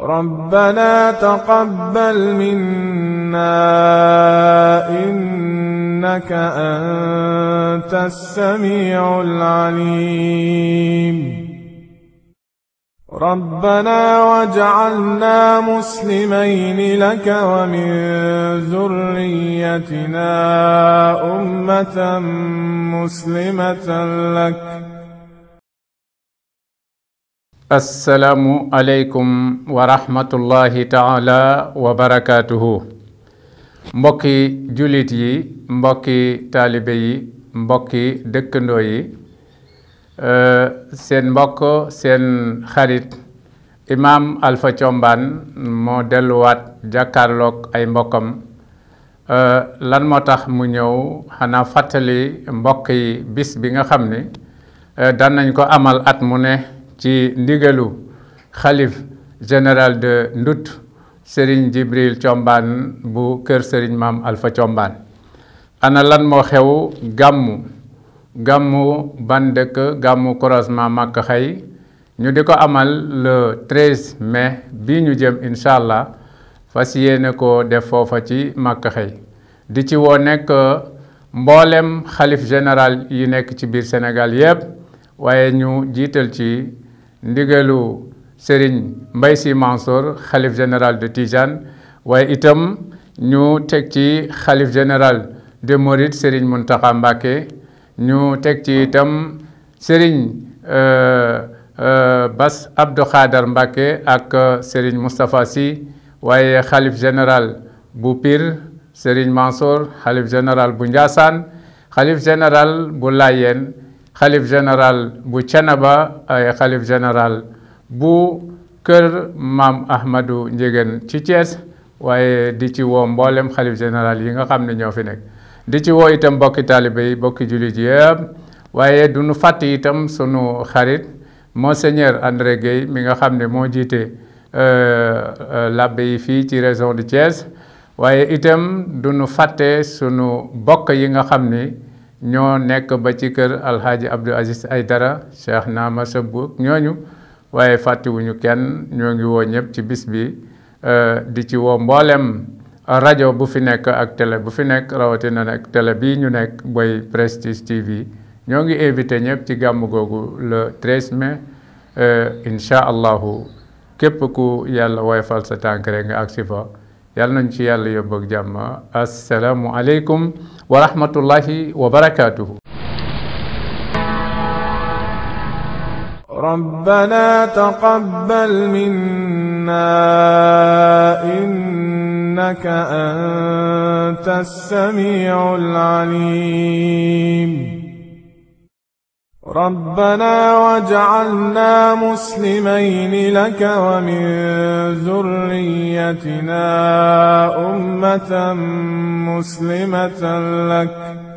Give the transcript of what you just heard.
ربنا تقبل منا إنك أنت السميع العليم ربنا واجعلنا مسلمين لك ومن ذريتنا أمة مسلمة لك assalaamu aleykum wa rahmatullahi taala wa barakaatuhu mbokki jullit yi mbokki taalibe yi mbokki dëkkandoo yi euh, seen mbokk seen xarit imaam Alpha Thiombane moo delluwaat jàkkaarloog ay mbokkam euh, lan moo tax mu ñëw xanaa fàttali mbokk bis bi nga xam ni euh, daan nañ ko amal at mu ne ci ndigalu xalif général de Ndut Serigne Jibril Thiombane bu kër Serigne Maam alfa Thiombane ana lan moo xew gàmmu gàmmu ban dëkk gàmmu croisement Màkka xëy ñu di ko amal le mais bi ñu jëm incha allah fas yéene ko def foofa ci Màkka xëy di ci woo nekk mboolem xalif général yi nekk ci biir Sénégal yépp waaye ñu jiital ci ndigalu Serigne Mbaye Sy Mansour xalif général de Tijane waaye itam ñu teg ci xalif général de Mouride Serigne Mountakha Mbacké ñu teg ci itam Serigne euh, euh, Bass Abdou Khadar ak euh, Serigne Moustapha Sy waaye xalif général bu piir Serigne Mansour xalif général bu Ndiassane xalif général bu Layène Khalif general bu chanaba ay khalif general bu keur Mam Ahmadu, njegen ci ties waye di ci wo mbollem Khalif general yi nga xamne ño fi nek di ci wo itam bokki talibe yi mbokki jullit yeb waye du nu itam sunu xarit monseigneur André Gay, mi nga xamne mo jité euh, euh labbe yi fi ci région de ties waye itam du nu sunu bokk yi nga xamne ñoo nekk ba ci kër alxaaji Abdou Aziz dara Cheikh Naama Sabou ñooñu waaye fàttewuñu kenn ñoo ngi woo ñëpp ci bis bi euh, di ci woo mboolem rajo bu fi nekk ak télé bu fi nekk rawatina nag télé bii ñu nekk booy Prestige TV ñoo ngi invité ñëpp ci gàmm googu le 13 mai euh, incha allahu képp ku yàlla woyfal sa tànk rek nga agsi fa يلا نجي يلا يبقى جامع السلام عليكم ورحمة الله وبركاته ربنا تقبل منا إنك أنت السميع العليم ربنا وجعلنا مسلمين لك ومن ذريتنا أمة مسلمة لك